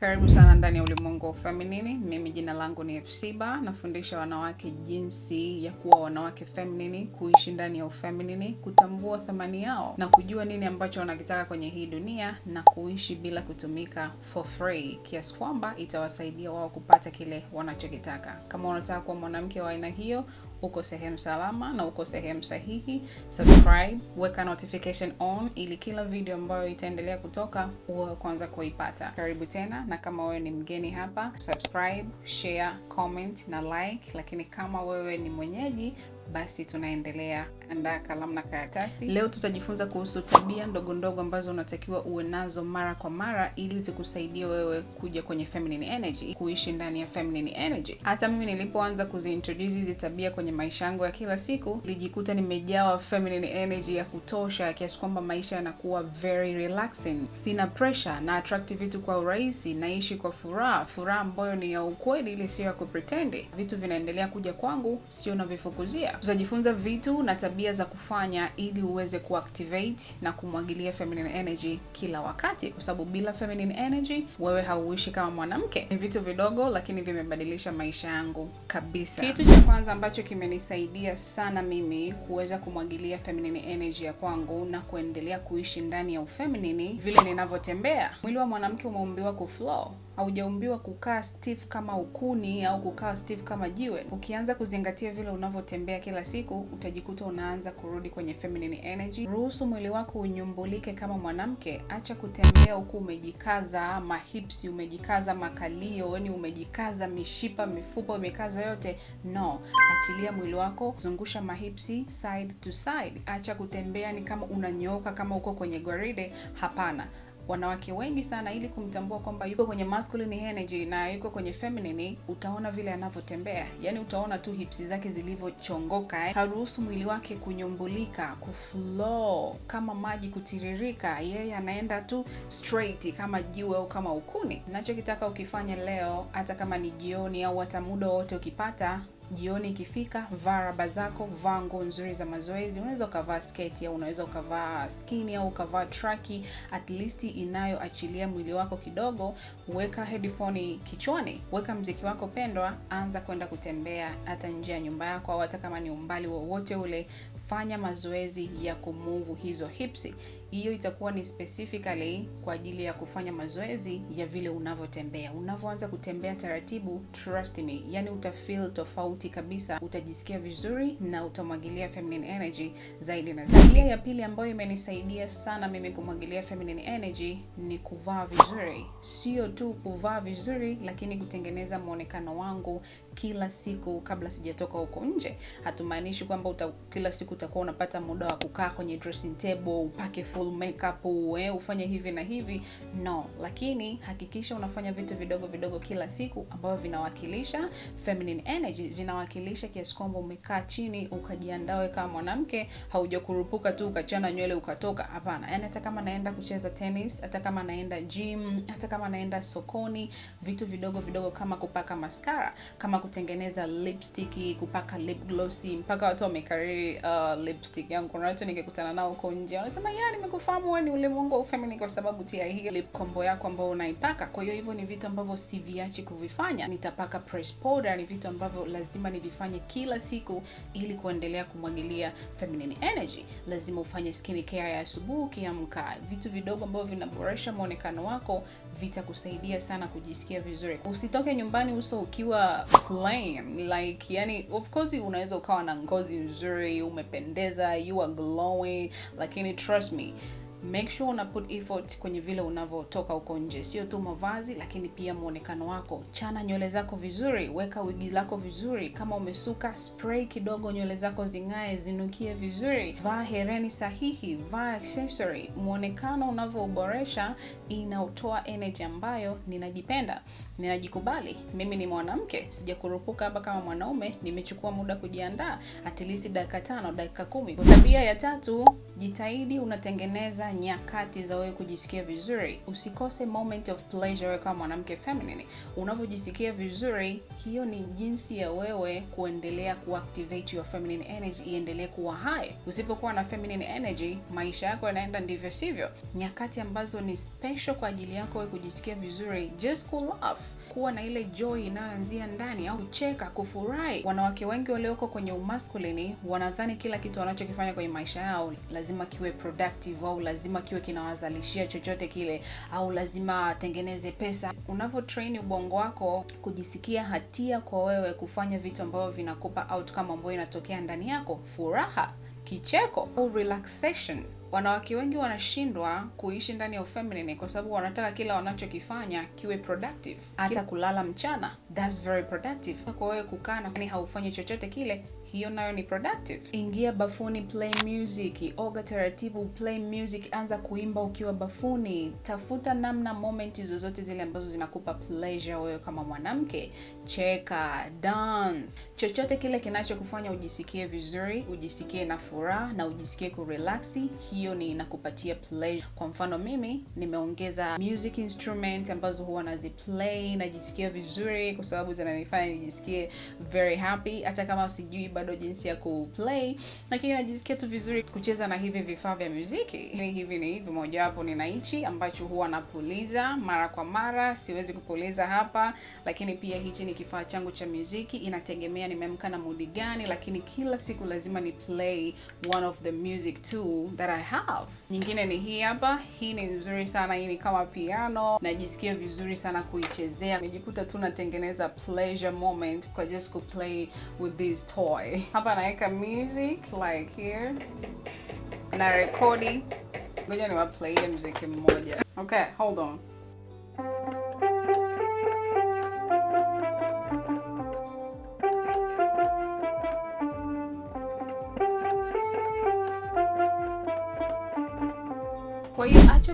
Karibu sana ndani ya ulimwengu wa feminini. Mimi jina langu ni Fsiba, nafundisha wanawake jinsi ya kuwa wanawake feminini, kuishi ndani ya ufeminini, kutambua thamani yao na kujua nini ambacho wanakitaka kwenye hii dunia na kuishi bila kutumika for free, kiasi kwamba itawasaidia wao kupata kile wanachokitaka. Kama unataka kuwa mwanamke wa aina hiyo, uko sehemu salama na uko sehemu sahihi. Subscribe, weka notification on ili kila video ambayo itaendelea kutoka uwe kwanza kuipata. Karibu tena, na kama wewe ni mgeni hapa, subscribe, share, comment na like, lakini kama wewe ni mwenyeji, basi tunaendelea andaa kalamu na karatasi. Leo tutajifunza kuhusu tabia ndogo ndogo ambazo unatakiwa uwe nazo mara kwa mara ili zikusaidia wewe kuja kwenye feminine energy, kuishi ndani ya feminine energy. Hata mimi nilipoanza kuziintroduce hizi tabia kwenye maisha yangu ya kila siku, nilijikuta nimejawa feminine energy ya kutosha kiasi kwamba maisha yanakuwa very relaxing. Sina pressure na attract vitu kwa urahisi, naishi kwa furaha, furaha ambayo ni ya ukweli, ile sio ya kupretend. Vitu vinaendelea kuja kwangu, sio navifukuzia. Tutajifunza vitu na tabia tabia za kufanya ili uweze kuactivate na kumwagilia feminine energy kila wakati, kwa sababu bila feminine energy wewe hauishi kama mwanamke. Ni vitu vidogo, lakini vimebadilisha maisha yangu kabisa. Kitu cha kwanza ambacho kimenisaidia sana mimi kuweza kumwagilia feminine energy ya kwangu na kuendelea kuishi ndani ya ufeminine, vile ninavyotembea. Mwili wa mwanamke umeumbiwa kuflow haujaumbiwa kukaa stiff kama ukuni au kukaa stiff kama jiwe. Ukianza kuzingatia vile unavyotembea kila siku, utajikuta unaanza kurudi kwenye feminine energy. Ruhusu mwili wako unyumbulike kama mwanamke. Acha kutembea huku umejikaza mahipsi, umejikaza makalio, yani umejikaza mishipa, mifupa, umekaza yote. No, achilia mwili wako, zungusha mahipsi side to side. Acha kutembea ni yaani kama unanyooka, kama uko kwenye gwaride. Hapana wanawake wengi sana, ili kumtambua kwamba yuko kwenye masculine energy na yuko kwenye feminine, utaona vile anavyotembea, yani utaona tu hips zake zilivyochongoka eh. Haruhusu mwili wake kunyumbulika, kuflow kama maji kutiririka, yeye anaenda tu straight kama jiwe au kama ukuni. Ninachokitaka ukifanya leo, hata kama ni jioni au hata muda wowote ukipata jioni ikifika, vaa raba zako, vaa nguo nzuri za mazoezi. Unaweza ukavaa sketi au unaweza ukavaa skini au ukavaa traki, at least inayoachilia mwili wako kidogo. Weka headphone kichwani, weka mziki wako pendwa, anza kwenda kutembea hata nje ya nyumba yako, au hata kama ni umbali wowote ule, fanya mazoezi ya kumuvu hizo hipsi hiyo itakuwa ni specifically kwa ajili ya kufanya mazoezi ya vile unavyotembea. Unavyoanza kutembea taratibu, trust me, yani utafeel tofauti kabisa, utajisikia vizuri na utamwagilia feminine energy zaidi na zaidi. Njia ya pili ambayo imenisaidia sana mimi kumwagilia feminine energy ni kuvaa vizuri, sio tu kuvaa vizuri, lakini kutengeneza mwonekano wangu kila siku kabla sijatoka huko nje. Hatumaanishi kwamba kila siku utakuwa unapata muda wa kukaa kwenye dressing table, upake full makeup, uwe, ufanye hivi na hivi. No, lakini hakikisha unafanya vitu vidogo vidogo kila siku ambavyo vinawakilisha feminine energy, vinawakilisha kiasi kwamba umekaa chini ukajiandawe kama mwanamke, haujakurupuka tu ukachana nywele ukatoka. Hapana, yani hata kama naenda kucheza tennis, hata kama naenda gym, hata kama naenda sokoni, vitu vidogo vidogo kama kupaka mascara, kama kutengeneza lipstick, kupaka lip gloss, mpaka watu wamekariri uh, lipstick yangu. Kuna watu nikikutana nao huko nje wanasema ya, nimekufahamu wewe ni ulimwengu wa ufemini kwa sababu tia hii lip combo yako ambayo unaipaka. Kwa hiyo hivyo ni vitu ambavyo siviachi kuvifanya. Nitapaka press powder, ni vitu ambavyo lazima nivifanye kila siku ili kuendelea kumwagilia feminine energy. Lazima ufanye care ya asubuhi ukiamka, vitu vidogo ambavyo vinaboresha muonekano wako vitakusaidia sana kujisikia vizuri. Usitoke nyumbani uso ukiwa plain like, yani of course unaweza ukawa na ngozi nzuri, umependeza, you are glowing, lakini trust me make sure una put effort kwenye vile unavyotoka huko nje, sio tu mavazi, lakini pia muonekano wako. Chana nywele zako vizuri, weka wigi lako vizuri, kama umesuka spray kidogo nywele zako zing'ae, zinukie vizuri, vaa hereni sahihi, vaa accessory. Muonekano unavyouboresha inaotoa energy ambayo ninajipenda ninajikubali mimi ni mwanamke, sijakurupuka hapa kama mwanaume. Nimechukua muda kujiandaa, at least dakika tano, dakika kumi. Tabia ya tatu, jitahidi unatengeneza nyakati za wewe kujisikia vizuri. Usikose moment of pleasure kama mwanamke feminine. Unavyojisikia vizuri, hiyo ni jinsi ya wewe kuendelea kuactivate your feminine energy, iendelee kuwa hai. Usipokuwa na feminine energy, maisha yako yanaenda ndivyo sivyo. Nyakati ambazo ni special kwa ajili yako wewe kujisikia vizuri, just cool off kuwa na ile joy inayoanzia ndani au kucheka, kufurahi. Wanawake wengi walioko kwenye umaskulini wanadhani kila kitu wanachokifanya kwenye maisha yao lazima kiwe productive au lazima kiwe kinawazalishia chochote kile au lazima atengeneze pesa. Unavyo train ubongo wako kujisikia hatia kwa wewe kufanya vitu ambavyo vinakupa outcome ambayo inatokea ndani yako, furaha, kicheko au relaxation wanawake wengi wanashindwa kuishi ndani ya ufeminine kwa sababu wanataka kila wanachokifanya kiwe productive. Hata kulala mchana, that's very productive. Kwa wewe kukaa na yaani haufanyi chochote kile hiyo nayo ni productive. Ingia bafuni, play music, oga taratibu, play music, anza kuimba ukiwa bafuni. Tafuta namna moment zozote zile ambazo zinakupa pleasure wewe kama mwanamke, cheka, dance, chochote kile kinachokufanya ujisikie vizuri, ujisikie na furaha na ujisikie kurelaxi, hiyo ni inakupatia pleasure. Kwa mfano mimi nimeongeza music instrument ambazo huwa naziplay, najisikia vizuri kwa sababu zinanifanya nijisikie very happy, hata kama sijui bado jinsi ya kuplay, lakini najisikia tu vizuri kucheza na hivi vifaa vya muziki. Hivi ni hivi, mojawapo nina hichi ambacho huwa napuliza mara kwa mara, siwezi kupuliza hapa, lakini pia hichi ni kifaa changu cha muziki, inategemea nimeamka na mudi gani, lakini kila siku lazima ni play one of the music tool that I have. Nyingine ni hii hapa, hii ni nzuri sana, hii ni kama piano, najisikia vizuri sana kuichezea, nimejikuta tu natengeneza pleasure moment kwa just kuplay with this toy play. Hapa naweka music like here na rekodi, ngoja niwaplaye mziki mmoja. Okay, hold on.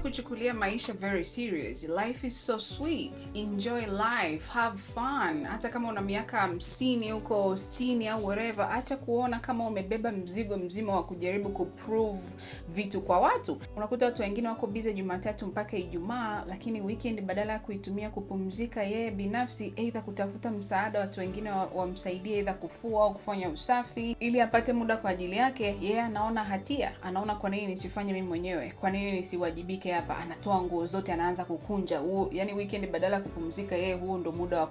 kuchukulia maisha very serious. Life is so sweet, enjoy life, have fun. Hata kama una miaka hamsini huko sitini au whatever, acha kuona kama umebeba mzigo mzima wa kujaribu kuprove vitu kwa watu. Unakuta watu wengine wako biza Jumatatu mpaka Ijumaa, lakini weekend badala ya kuitumia kupumzika yeye binafsi, aidha kutafuta msaada, watu wengine wamsaidie, wa aidha kufua au kufanya usafi, ili apate muda kwa ajili yake, yeye anaona hatia, anaona kwa nini nisifanye mimi mwenyewe, kwa nini nisiwajibike hapa anatoa nguo zote, anaanza kukunja huo. Yani weekend badala ya kupumzika, yeye huo ndo muda wa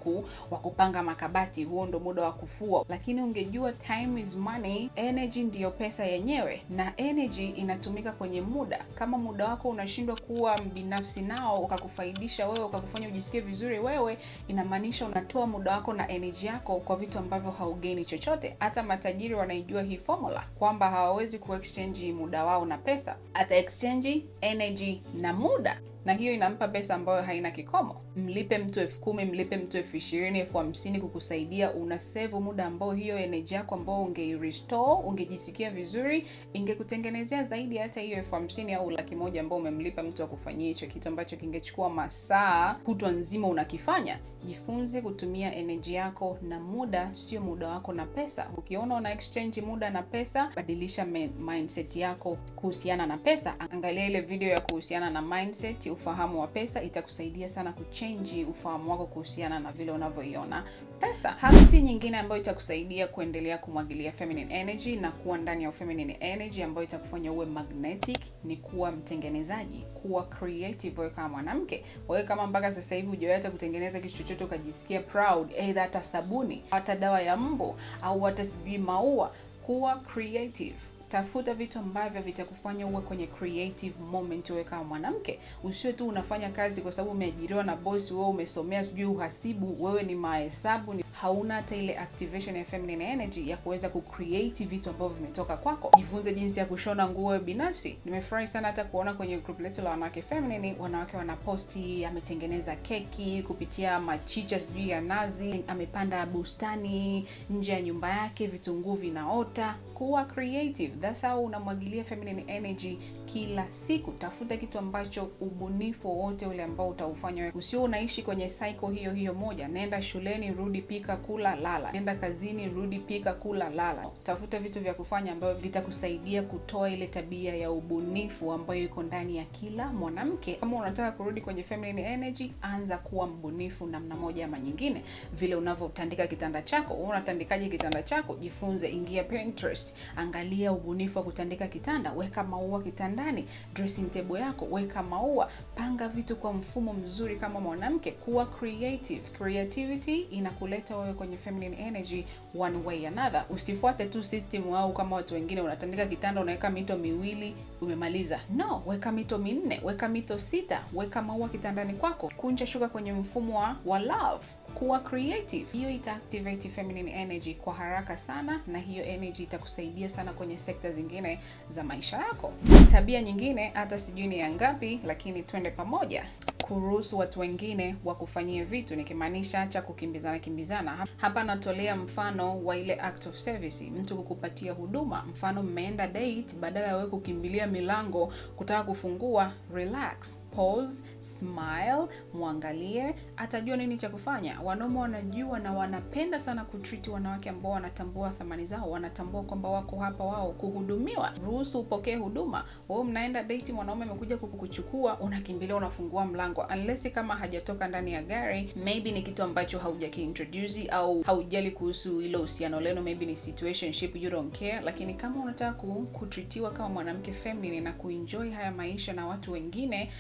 wa kupanga makabati, huo ndo muda wa kufua. Lakini ungejua time is money, energy ndiyo pesa yenyewe, na energy inatumika kwenye muda. Kama muda wako unashindwa kuwa mbinafsi nao ukakufaidisha wewe, ukakufanya ujisikie vizuri wewe, inamaanisha unatoa muda wako na energy yako kwa vitu ambavyo haugeni chochote. Hata matajiri wanaijua hii formula kwamba hawawezi kuexchange muda wao na pesa, ata exchange energy na muda na hiyo inampa pesa ambayo haina kikomo. Mlipe mtu elfu kumi, mlipe mtu elfu ishirini, elfu hamsini kukusaidia, unasevu muda ambao hiyo energy yako ambao ungeirestore, ungejisikia vizuri, ingekutengenezea zaidi hata hiyo elfu hamsini au laki moja ambao umemlipa mtu akufanyia hicho kitu ambacho kingechukua masaa kutwa nzima unakifanya. Jifunze kutumia energy yako na muda, sio muda wako na pesa. Ukiona una exchange muda na pesa, badilisha mindset yako kuhusiana na pesa. Angalia ile video ya kuhusiana na mindset ufahamu wa pesa itakusaidia sana kuchenji ufahamu wako kuhusiana na vile unavyoiona pesa. Habiti nyingine ambayo itakusaidia kuendelea kumwagilia feminine energy na kuwa ndani ya feminine energy ambayo itakufanya uwe magnetic ni kuwa mtengenezaji, kuwa creative wewe kama mwanamke. Wewe kama mpaka sasa hivi hujawahi hata kutengeneza kitu chochote ukajisikia proud, either hata sabuni, hata dawa ya mbu au hata sijui maua, kuwa creative tafuta vitu ambavyo vitakufanya uwe kwenye creative moment wewe kama mwanamke. Usiwe tu unafanya kazi kwa sababu umeajiriwa na bosi, wewe umesomea sijui uhasibu, wewe ni mahesabu ni... hauna hata ile activation ya feminine energy ya kuweza kucreate vitu ambavyo vimetoka kwako. Jifunze jinsi ya kushona nguo binafsi. Nimefurahi sana hata kuona kwenye group letu la wanawake feminine, wanawake wanaposti ametengeneza keki kupitia machicha sijui ya nazi, amepanda bustani nje ya nyumba yake, vitunguu vinaota kuwa creative, that's how unamwagilia feminine energy kila siku. Tafuta kitu ambacho ubunifu wowote ule ambao utaufanya usio unaishi kwenye cycle hiyo hiyo moja. Nenda shuleni, rudi, pika, kula, lala. Nenda kazini, rudi, pika, kula, lala. Tafuta vitu vya kufanya ambavyo vitakusaidia kutoa ile tabia ya ubunifu ambayo iko ndani ya kila mwanamke. Kama unataka kurudi kwenye feminine energy, anza kuwa mbunifu namna moja ama nyingine. Vile unavyotandika kitanda chako, unatandikaje kitanda chako? Jifunze, ingia Pinterest post, angalia ubunifu wa kutandika kitanda, weka maua kitandani. Dressing table yako weka maua, panga vitu kwa mfumo mzuri. Kama mwanamke, kuwa creative. Creativity inakuleta wewe kwenye feminine energy one way another. Usifuate tu system au kama watu wengine, unatandika kitanda unaweka mito miwili umemaliza. No, weka mito minne, weka mito sita, weka maua kitandani kwako, kunja shuka kwenye mfumo wa, wa love kuwa creative. Hiyo ita activate feminine energy kwa haraka sana, na hiyo energy itakus itakusaidia sana kwenye sekta zingine za maisha yako. Tabia nyingine hata sijui ni ya ngapi, lakini twende pamoja kuruhusu watu wengine wakufanyie vitu, nikimaanisha cha kukimbizana kimbizana. Hapa natolea mfano wa ile act of service, mtu kukupatia huduma. Mfano mmeenda date, badala ya wewe kukimbilia milango kutaka kufungua, relax, pause, smile, mwangalie, atajua nini cha kufanya. Wanaume wanajua na wanapenda sana kutreat wanawake ambao wanatambua thamani zao, wanatambua kwamba wako hapa wao kuhudumiwa. Ruhusu upokee huduma. Wewe mnaenda date, mwanaume amekuja kukuchukua, unakimbilia unafungua mlango mlango unless kama hajatoka ndani ya gari, maybe ni kitu ambacho haujakiintroduce au haujali kuhusu hilo uhusiano lenu, maybe ni situationship, you don't care. Lakini kama unataka kutritiwa kama mwanamke feminine na kuenjoy haya maisha na watu wengine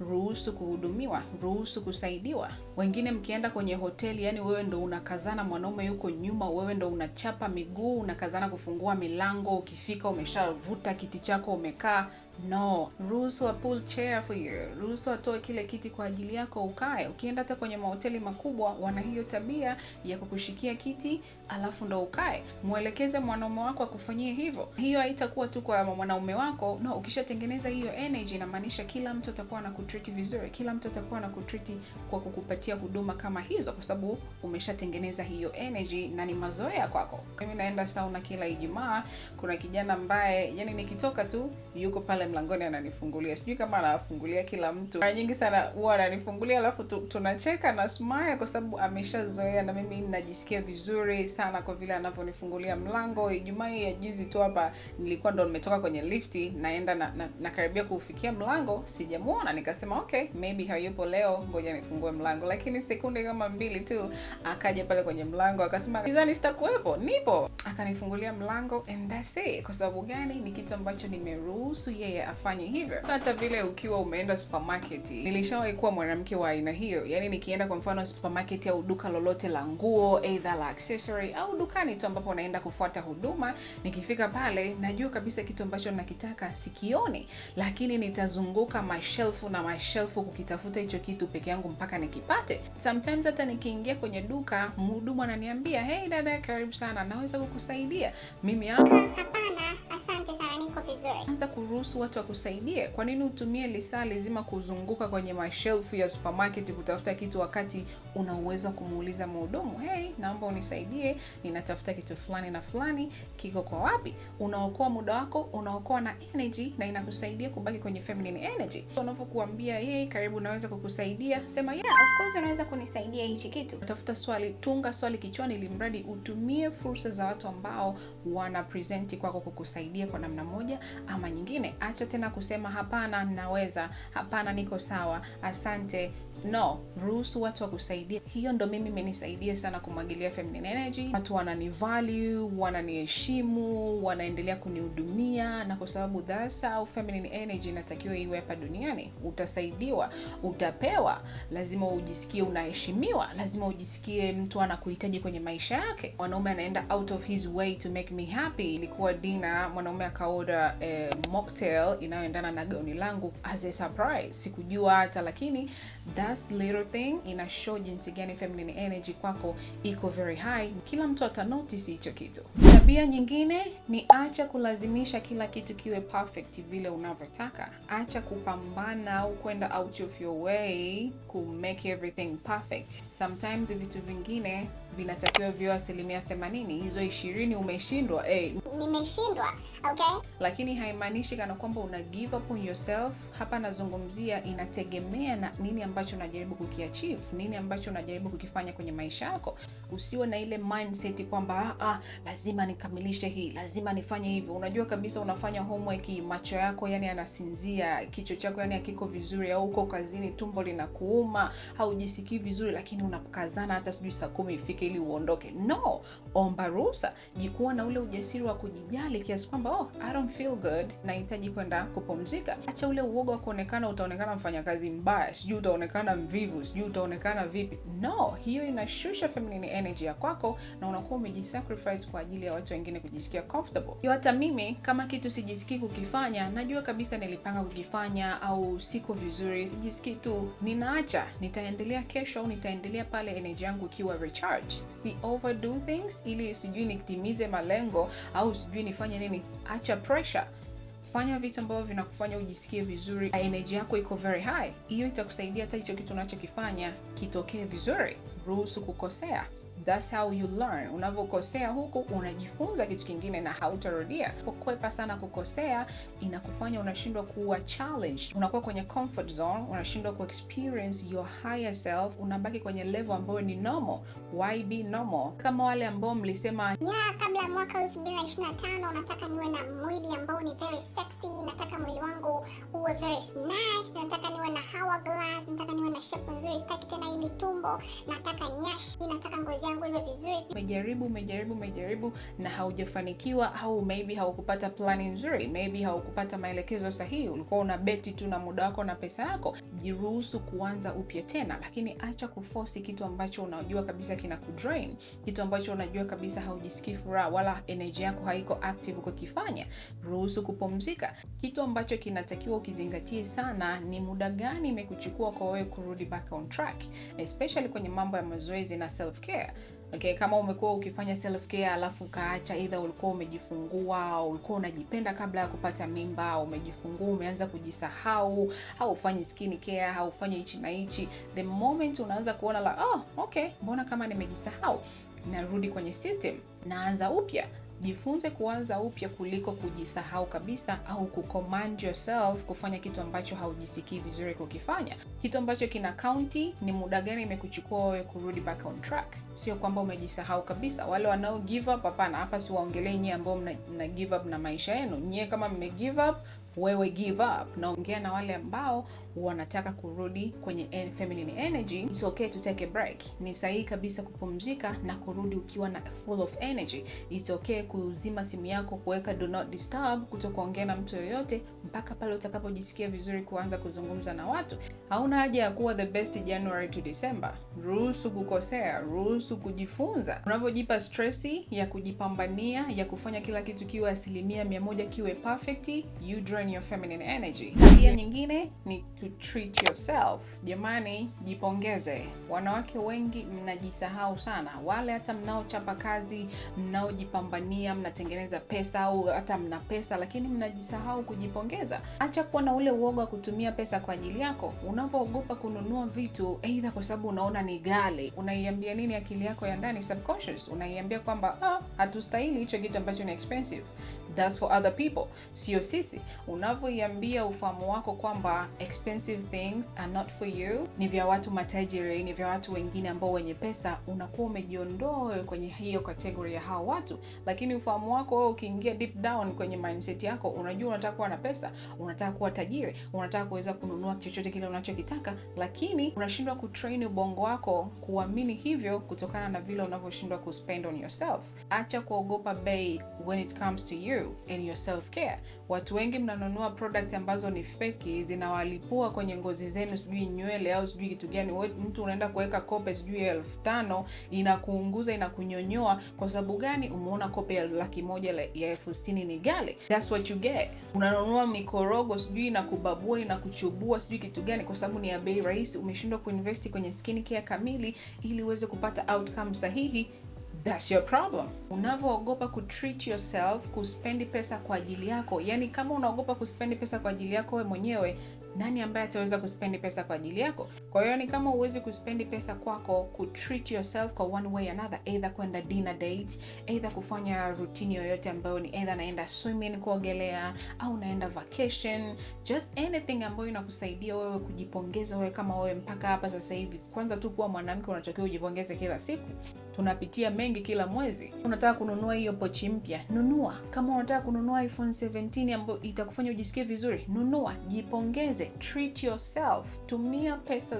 ruhusu kuhudumiwa, ruhusu kusaidiwa. Wengine mkienda kwenye hoteli, yani wewe ndo unakazana, mwanaume yuko nyuma, wewe ndo unachapa miguu, unakazana kufungua milango, ukifika umeshavuta kiti chako umekaa. No, ruhusu wa pull chair for you. Ruhusu atoe kile kiti kwa ajili yako ukae. Ukienda hata kwenye mahoteli makubwa, wana hiyo tabia ya kukushikia kiti alafu ndo ukae mwelekeze mwanaume wako akufanyie hivyo. Hiyo haitakuwa tu kwa mwanaume wako no. Ukishatengeneza hiyo energy, inamaanisha kila mtu atakuwa na anakutreat vizuri, kila mtu atakuwa na anakutreat kwa kukupatia huduma kama hizo, kwa sababu umeshatengeneza hiyo energy na ni mazoea kwako. Mimi naenda sauna kila Ijumaa. Kuna kijana ambaye yani nikitoka tu yuko pale mlangoni ananifungulia, sijui kama anafungulia kila mtu. Mara nyingi sana huwa ananifungulia, alafu tunacheka na smile kwa sababu ameshazoea, na mimi najisikia vizuri. sana sana kwa vile anavyonifungulia mlango. Ijumaa ya juzi tu hapa nilikuwa ndo nimetoka kwenye lifti naenda nakaribia na, na, kuufikia mlango sijamwona nikasema okay, maybe hayupo leo, ngoja nifungue mlango. Lakini sekunde kama mbili tu akaja pale kwenye mlango akasema, kizani sitakuwepo, nipo, akanifungulia mlango and that's it. Kwa sababu gani? Ni kitu ambacho nimeruhusu yeye afanye hivyo. Hata vile ukiwa umeenda supermarket, nilishawahi kuwa mwanamke wa aina hiyo, yani nikienda kwa mfano supermarket au duka lolote la nguo, either la accessory au dukani tu ambapo naenda kufuata huduma. Nikifika pale, najua kabisa kitu ambacho nakitaka sikioni, lakini nitazunguka mashelfu na mashelfu kukitafuta hicho kitu peke yangu mpaka nikipate. Sometimes hata nikiingia kwenye duka, mhudumu ananiambia hey, dada, karibu sana, naweza kukusaidia mimi hapa ah unapoanza kuruhusu watu wakusaidie, kwa nini utumie lisaa lazima kuzunguka kwenye mashelfu ya supermarket kutafuta kitu, wakati una uwezo wa kumuuliza mhudumu, hey, naomba unisaidie, ninatafuta kitu fulani na fulani, kiko kwa wapi? Unaokoa muda wako, unaokoa na energy, na inakusaidia kubaki kwenye feminine energy. Unavyokuambia hey, karibu, naweza kukusaidia, sema yeah, of course, unaweza kunisaidia hichi kitu. Tafuta swali, tunga swali kichwani, ili mradi utumie fursa za watu ambao wana present kwako kukusaidia kwa namna moja ama ama nyingine, acha tena kusema hapana, naweza, hapana, niko sawa, asante, no, ruhusu watu wakusaidia. Hiyo ndo mimi imenisaidia sana kumwagilia feminine energy. Watu wanani wananiheshimu, wanaendelea kunihudumia, na kwa sababu dhasa au feminine energy inatakiwa iwe hapa duniani. Utasaidiwa, utapewa, lazima ujisikie unaheshimiwa, lazima ujisikie mtu anakuhitaji kwenye maisha yake. Mwanaume anaenda out of his way to make me happy. Ilikuwa dina mwanaume akaoda eh, mocktail inayoendana na gauni langu as a surprise. Sikujua hata lakini That's little thing ina show jinsi gani feminine energy kwako iko very high. Kila mtu ata notice hicho kitu. Tabia nyingine ni acha kulazimisha kila kitu kiwe perfect vile unavyotaka. Acha kupambana au kwenda out of your way ku make everything perfect. Sometimes vitu vingine vinatakiwa viwe asilimia themanini, hizo ishirini umeshindwa, hey, eh, nimeshindwa, okay? Lakini haimaanishi kana kwamba una give up on yourself. Hapa nazungumzia, inategemea na nini ambacho unajaribu kukiachieve, nini ambacho unajaribu kukifanya kwenye maisha yako. Usiwe na ile mindset kwamba ah, ah, lazima nikamilishe hii, lazima nifanye hivi. Unajua kabisa unafanya homework, macho yako yani anasinzia, kichwa chako yani hakiko vizuri, au uko kazini, tumbo linakuuma, haujisikii vizuri, lakini unakazana hata sijui saa kumi ifike ili uondoke. No, omba ruhusa, jikuwa na ule ujasiri wa kujijali kiasi kwamba oh, I don't feel good, nahitaji kwenda kupumzika. Acha ule uoga wa kuonekana, utaonekana mfanyakazi mbaya, sijui utaonekana mvivu, sijui utaonekana vipi. No, hiyo inashusha feminine energy ya kwako na unakuwa umejisacrifice kwa ajili ya watu wengine kujisikia comfortable. Yo, hata mimi kama kitu sijisikii kukifanya, najua kabisa nilipanga kukifanya au siko vizuri, sijisikii tu, ninaacha, nitaendelea kesho au nitaendelea pale energy yangu ikiwa recharge. Si overdo things ili sijui nitimize malengo au au sijui nifanye nini, acha pressure. Fanya vitu ambavyo vinakufanya ujisikie vizuri, energy yako iko very high. Hiyo itakusaidia hata hicho kitu unachokifanya kitokee vizuri. Ruhusu kukosea. That's how you learn. Unavyokosea huku unajifunza kitu kingine na hautarudia. Kukwepa sana kukosea inakufanya unashindwa kuwa challenge, unakuwa kwenye comfort zone, unashindwa ku experience your higher self, unabaki kwenye level ambayo ni normal. Why be normal? Kama wale ambao mlisema yeah, kabla mwaka 2025 nataka niwe na mwili ambao ni very sexy, nataka mwili wangu uwe very snatched, nataka niwe na hourglass, nataka naona shape nzuri, sitaki tena hili tumbo, nataka nyashi, nataka ngozi yangu iwe vizuri. Umejaribu, umejaribu, umejaribu na haujafanikiwa, au maybe haukupata plani nzuri, maybe haukupata maelekezo sahihi, ulikuwa una beti tu na muda wako na pesa yako. Jiruhusu kuanza upya tena, lakini acha kufosi kitu ambacho unajua kabisa kina kudrain, kitu ambacho unajua kabisa haujisikii furaha wala energy yako haiko active kukifanya. Ruhusu kupumzika. Kitu ambacho kinatakiwa ukizingatie sana ni muda gani imekuchukua kwa wewe ku kurudi back on track, especially kwenye mambo ya mazoezi na self care. Okay, kama umekuwa ukifanya self care alafu ukaacha, idha ulikuwa umejifungua ulikuwa unajipenda kabla ya kupata mimba, umejifungua umeanza kujisahau, au haufanyi skin care, ufanye hichi na hichi, the moment unaanza kuona la, oh, okay, mbona kama nimejisahau, narudi kwenye system, naanza upya jifunze kuanza upya kuliko kujisahau kabisa au kucommand yourself kufanya kitu ambacho haujisikii vizuri kukifanya. Kitu ambacho kina kaunti ni muda gani imekuchukua wewe kurudi back on track, sio kwamba umejisahau kabisa. Wale wanao give up, hapana, hapa siwaongelei nyie ambao mna, mna give up na maisha yenu. Nyie kama mme give up, wewe give up, naongea na wale ambao wanataka kurudi kwenye feminine energy, it's okay to take a break. Ni sahihi kabisa kupumzika na kurudi ukiwa na full of energy. It's okay kuzima simu yako, kuweka do not disturb, kutokuongea na mtu yoyote mpaka pale utakapojisikia vizuri kuanza kuzungumza na watu. Hauna haja ya kuwa the best January to December. Ruhusu kukosea, ruhusu kujifunza. Unavyojipa stresi ya kujipambania ya kufanya kila kitu kiwe asilimia mia moja kiwe perfect, you drain your feminine energy. Tabia nyingine ni to treat yourself. Jamani, jipongeze. Wanawake wengi mnajisahau sana, wale hata mnaochapa kazi, mnaojipambania, mnatengeneza pesa au hata mna pesa, lakini mnajisahau kujipongeza. Acha kuwa na ule uoga wa kutumia pesa kwa ajili yako. Unavyoogopa kununua vitu, aidha kwa sababu unaona ni ghali, unaiambia nini akili yako ya ndani subconscious? Unaiambia kwamba ah, hatustahili hicho kitu ambacho ni expensive that's for other people, sio sisi. Unavyoiambia ufahamu wako kwamba expensive things are not for you, ni vya watu matajiri, ni vya watu wengine ambao wenye pesa, unakuwa umejiondoa wewe kwenye hiyo kategori ya hao watu. Lakini ufahamu wako wewe, ukiingia deep down kwenye mindset yako, unajua unataka kuwa na pesa, unataka kuwa tajiri, unataka kuweza kununua chochote kile unachokitaka, lakini unashindwa kutrain ubongo wako kuamini hivyo kutokana na vile unavyoshindwa kuspend on yourself. Acha kuogopa bei when it comes to you through in your self care. Watu wengi mnanunua product ambazo ni feki, zinawalipua kwenye ngozi zenu, sijui nywele au sijui kitu gani. Mtu unaenda kuweka kope sijui elfu tano inakuunguza, inakunyonyoa. Kwa sababu gani? Umeona kope ya laki moja ya elfu sitini ni gale, That's what you get. Unanunua mikorogo sijui inakubabua, inakuchubua sijui kitu gani, kwa sababu ni ya bei rahisi. Umeshindwa kuinvest kwenye skin care kamili ili uweze kupata outcome sahihi that's your problem. Unavyoogopa treat yourself, kuspendi pesa kwa ajili yako, yaani kama unaogopa kuspendi pesa kwa ajili yako we mwenyewe, nani ambaye ataweza kuspendi pesa kwa ajili yako? Kwa hiyo ni kama uwezi kuspendi pesa kwako, ku treat yourself kwa one way another, either kwenda dinner date, either kufanya routine yoyote ambayo ni either naenda swimming, kuogelea au naenda vacation, just anything ambayo inakusaidia wewe kujipongeza wewe kama wewe mpaka hapa sasa hivi. Kwanza tu kuwa mwanamke unatakiwa ujipongeze kila siku tunapitia mengi kila mwezi. Unataka kununua hiyo pochi mpya, nunua. Kama unataka kununua iPhone 17 ambayo itakufanya ujisikie vizuri, nunua. Jipongeze, treat yourself. Tumia pesa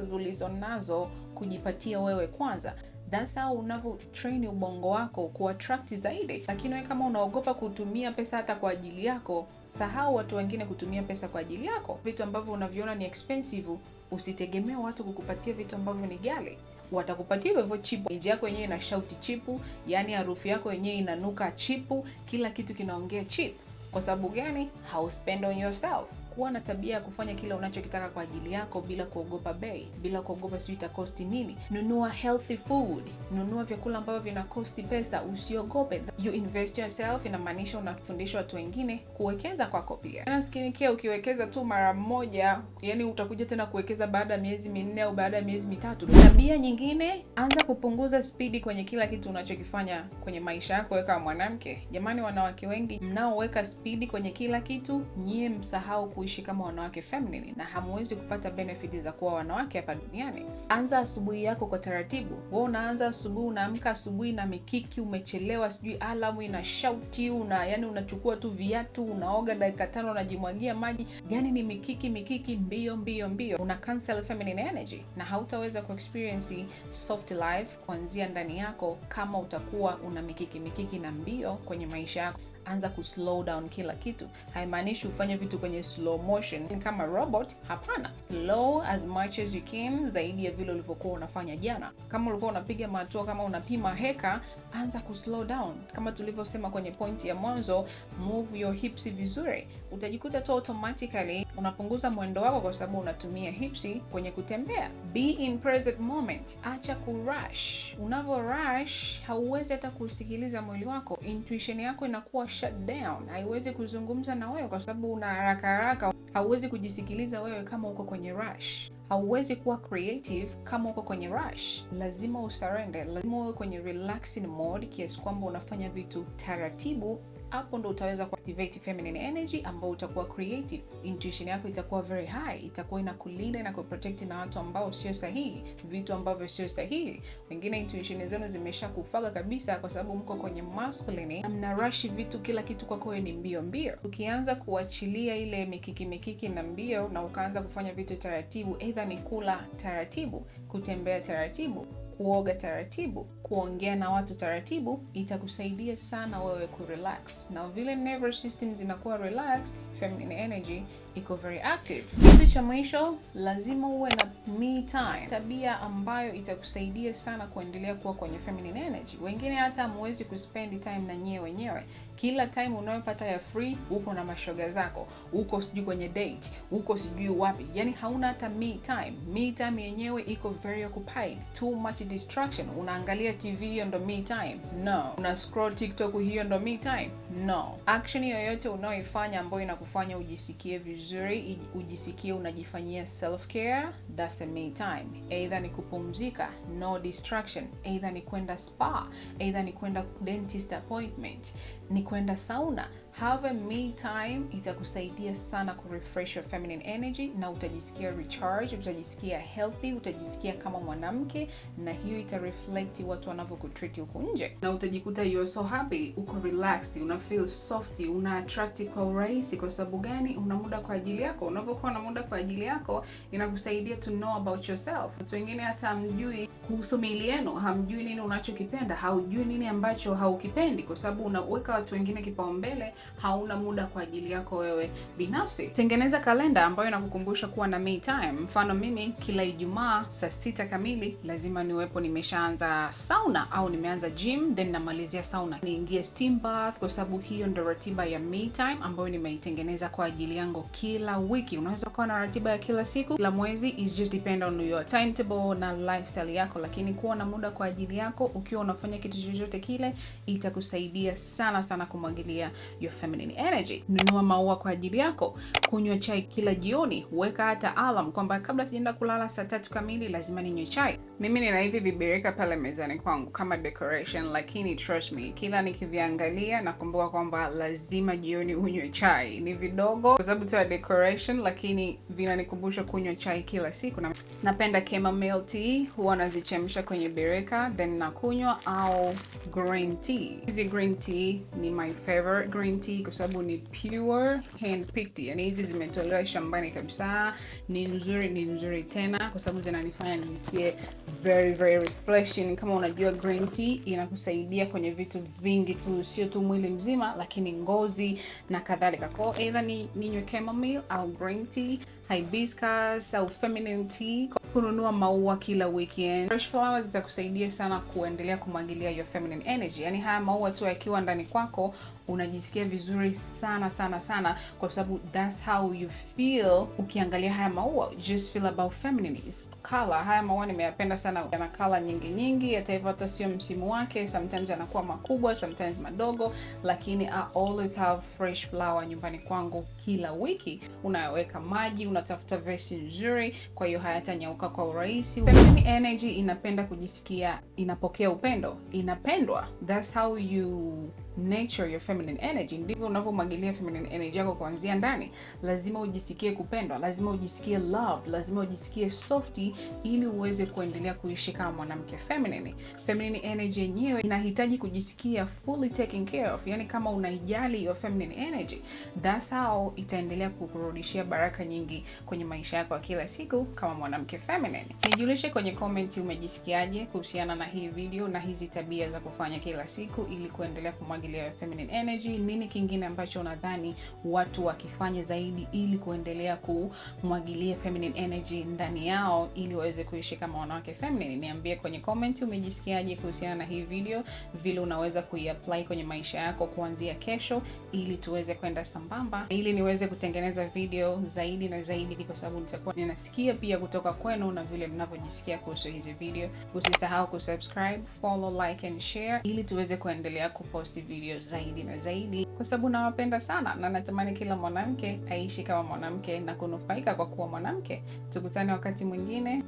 nazo kujipatia wewe kwanza. That's how unavyo train ubongo wako kuattract zaidi. Lakini wewe kama unaogopa kutumia pesa hata kwa ajili yako, sahau watu wengine kutumia pesa kwa ajili yako. Vitu ambavyo unaviona ni expensive, usitegemea watu kukupatia vitu ambavyo ni ghali watakupatia hivyo chipu. Inji yako yenyewe ina shauti chipu, yaani harufu yako yenyewe inanuka chipu, kila kitu kinaongea chipu. Kwa sababu gani? Hauspend on yourself kuwa na tabia ya kufanya kila unachokitaka kwa ajili yako bila kuogopa bei, bila kuogopa sijui itakosti nini. Nunua healthy food, nunua vyakula ambavyo vina kosti pesa, usiogope. You invest yourself inamaanisha unafundisha watu wengine kuwekeza kwako pia. Na skincare ukiwekeza tu mara moja, yani utakuja tena kuwekeza baada ya miezi minne au baada ya miezi mitatu. Tabia nyingine, anza kupunguza spidi kwenye kila kitu unachokifanya kwenye maisha yako wewe kama mwanamke. Jamani, wanawake wengi mnaoweka spidi kwenye kila kitu, nyie msahau kuishi kama wanawake feminine na hamwezi kupata benefit za kuwa wanawake hapa duniani. Anza asubuhi yako kwa taratibu. Wewe unaanza asubuhi, unaamka asubuhi na mikiki, umechelewa, sijui alamu ina shauti, una yani unachukua tu viatu, unaoga dakika tano, unajimwagia maji, yani ni mikiki mikiki, mbio mbio mbio, una cancel feminine energy na hautaweza ku experience soft life kuanzia ndani yako kama utakuwa una mikiki mikiki na mbio kwenye maisha yako anza slow down kila kitu. Haimaanishi ufanye vitu kwenye slow motion kama robot, hapana. Slow as much as you can, zaidi ya vile ulivyokuwa unafanya jana. Kama ulikuwa unapiga matua, kama unapima heka anza slow down kama tulivyosema kwenye pointi ya mwanzo, move your hips vizuri, utajikuta tu automatically unapunguza mwendo wako kwa sababu unatumia hips kwenye kutembea. Be in present moment, acha kurush. Unavyo rush hauwezi hata kusikiliza mwili wako, intuition yako inakuwa shut down, haiwezi kuzungumza na wewe kwa sababu una haraka haraka, hauwezi kujisikiliza wewe kama uko kwenye rush. Hauwezi kuwa creative kama uko kwenye rush, lazima usurrender, lazima uwe kwenye relaxing mode kiasi kwamba unafanya vitu taratibu hapo ndo utaweza kuactivate feminine energy ambao utakuwa creative, intuition yako itakuwa very high, itakuwa inakulinda na kuprotect na watu ambao sio sahihi, vitu ambavyo sio sahihi. Wengine intuition zenu zimesha kufaga kabisa, kwa sababu mko kwenye masculine, mna rush vitu, kila kitu kwako ni mbio mbio. Ukianza kuachilia ile mikiki mikiki na mbio na ukaanza kufanya vitu taratibu, either ni kula taratibu, kutembea taratibu, kuoga taratibu kuongea na watu taratibu itakusaidia sana wewe kurelax, na vile nervous system zinakuwa relaxed, feminine energy iko very active. Kitu cha mwisho, lazima uwe na me time, tabia ambayo itakusaidia sana kuendelea kuwa kwenye feminine energy. Wengine hata hamwezi kuspend time na nyewe wenyewe. Kila time unayopata ya free uko na mashoga zako, uko sijui kwenye date, uko sijui wapi, yani hauna hata me time. Me time yenyewe iko very occupied, too much distraction, unaangalia TV, hiyo ndo me time? No. Una scroll TikTok, hiyo ndo me time? No. Action yoyote unaoifanya ambayo inakufanya ujisikie vizuri, ujisikie unajifanyia self care, that's a me time. Either ni kupumzika, no distraction, either ni kwenda spa, either ni kwenda dentist appointment, ni kwenda sauna However, me time itakusaidia sana ku refresh your feminine energy na utajisikia recharge, utajisikia healthy, utajisikia kama mwanamke, na hiyo ita reflect watu wanavyokutreat huko nje, na utajikuta you are so happy, uko relaxed, una feel soft, una attract kwa urahisi. Kwa sababu gani? Una muda kwa ajili yako. Unapokuwa na muda kwa ajili yako, inakusaidia to know about yourself. Watu wengine hata hamjui kuhusu miili yenu, hamjui nini unachokipenda, haujui nini ambacho haukipendi, kwa sababu unaweka watu wengine kipaumbele hauna muda kwa ajili yako wewe binafsi. Tengeneza kalenda ambayo inakukumbusha kuwa na me time. Mfano, mimi kila Ijumaa saa sita kamili lazima niwepo nimeshaanza sauna au nimeanza gym then namalizia sauna, niingie steam bath, kwa sababu hiyo ndo ratiba ya me time ambayo nimeitengeneza kwa ajili yangu kila wiki. Unaweza kuwa na ratiba ya kila siku, kila mwezi, just depend on your timetable na lifestyle yako, lakini kuwa na muda kwa ajili yako ukiwa unafanya kitu chochote kile itakusaidia sana sana kumwagilia your feminine energy. Nunua maua kwa ajili yako, kunywa chai kila jioni, weka hata alarm kwamba kabla sijaenda kulala saa tatu kamili lazima ninywe chai. Mimi nina hivi vibirika pale mezani kwangu kama decoration, lakini trust me, kila nikiviangalia nakumbuka kwamba lazima jioni unywe chai. Ni vidogo kwa sababu tu ya decoration, lakini vinanikumbusha kunywa chai kila siku. Napenda chamomile tea, huwa nazichemsha kwenye birika then nakunywa, au green tea. Hizi green tea ni my favorite green mint kwa sababu ni pure hand picked, yani hizi zimetolewa shambani kabisa. Ni nzuri, ni nzuri tena kwa sababu zinanifanya nijisikie very very refreshing. Kama unajua green tea inakusaidia kwenye vitu vingi tu, sio tu mwili mzima, lakini ngozi na kadhalika. Kwa either ni ninywe chamomile au green tea hibiscus au feminine tea, kununua maua kila weekend. Fresh flowers zitakusaidia sana kuendelea kumwagilia your feminine energy. Yani haya maua tu yakiwa ndani kwako unajisikia vizuri sana sana sana, kwa sababu that's how you feel. Ukiangalia haya maua just feel about feminine is color. Haya maua nimeyapenda sana, yana color nyingi nyingi. Hata hivyo, hata sio msimu wake, sometimes yanakuwa makubwa, sometimes madogo, lakini I always have fresh flower nyumbani kwangu kila wiki. Unaweka maji una unatafuta vesi nzuri, kwa hiyo hayatanyauka kwa urahisi. Feminine energy inapenda kujisikia inapokea upendo, inapendwa. That's how you nature your feminine energy, ndivyo unavyomwagilia feminine energy yako kuanzia ndani. Lazima ujisikie kupendwa, lazima ujisikie loved, lazima ujisikie softy, ili uweze kuendelea kuishi kama mwanamke feminine. Feminine energy yenyewe inahitaji kujisikia fully taken care of, yani kama unaijali your feminine energy, that's how itaendelea kukurudishia baraka nyingi kwenye maisha yako ya kila siku kama mwanamke feminine. Nijulishe kwenye comment umejisikiaje kuhusiana na hii video na hizi tabia za kufanya kila siku ili kuendelea kumwagilia ile ya feminine energy. Nini kingine ambacho unadhani watu wakifanya zaidi ili kuendelea kumwagilia feminine energy ndani yao ili waweze kuishi kama wanawake feminine? Niambie kwenye comment umejisikiaje kuhusiana na hii video, vile unaweza kuiapply kwenye maisha yako kuanzia kesho, ili tuweze kwenda sambamba, ili niweze kutengeneza video zaidi na zaidi, kwa sababu nitakuwa ninasikia pia kutoka kwenu na vile mnavyojisikia kuhusu hizi video. Usisahau kusubscribe, follow, like and share ili tuweze kuendelea kuposti video video zaidi na zaidi, kwa sababu nawapenda sana na natamani kila mwanamke aishi kama mwanamke na kunufaika kwa kuwa mwanamke. Tukutane wakati mwingine,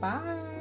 bye.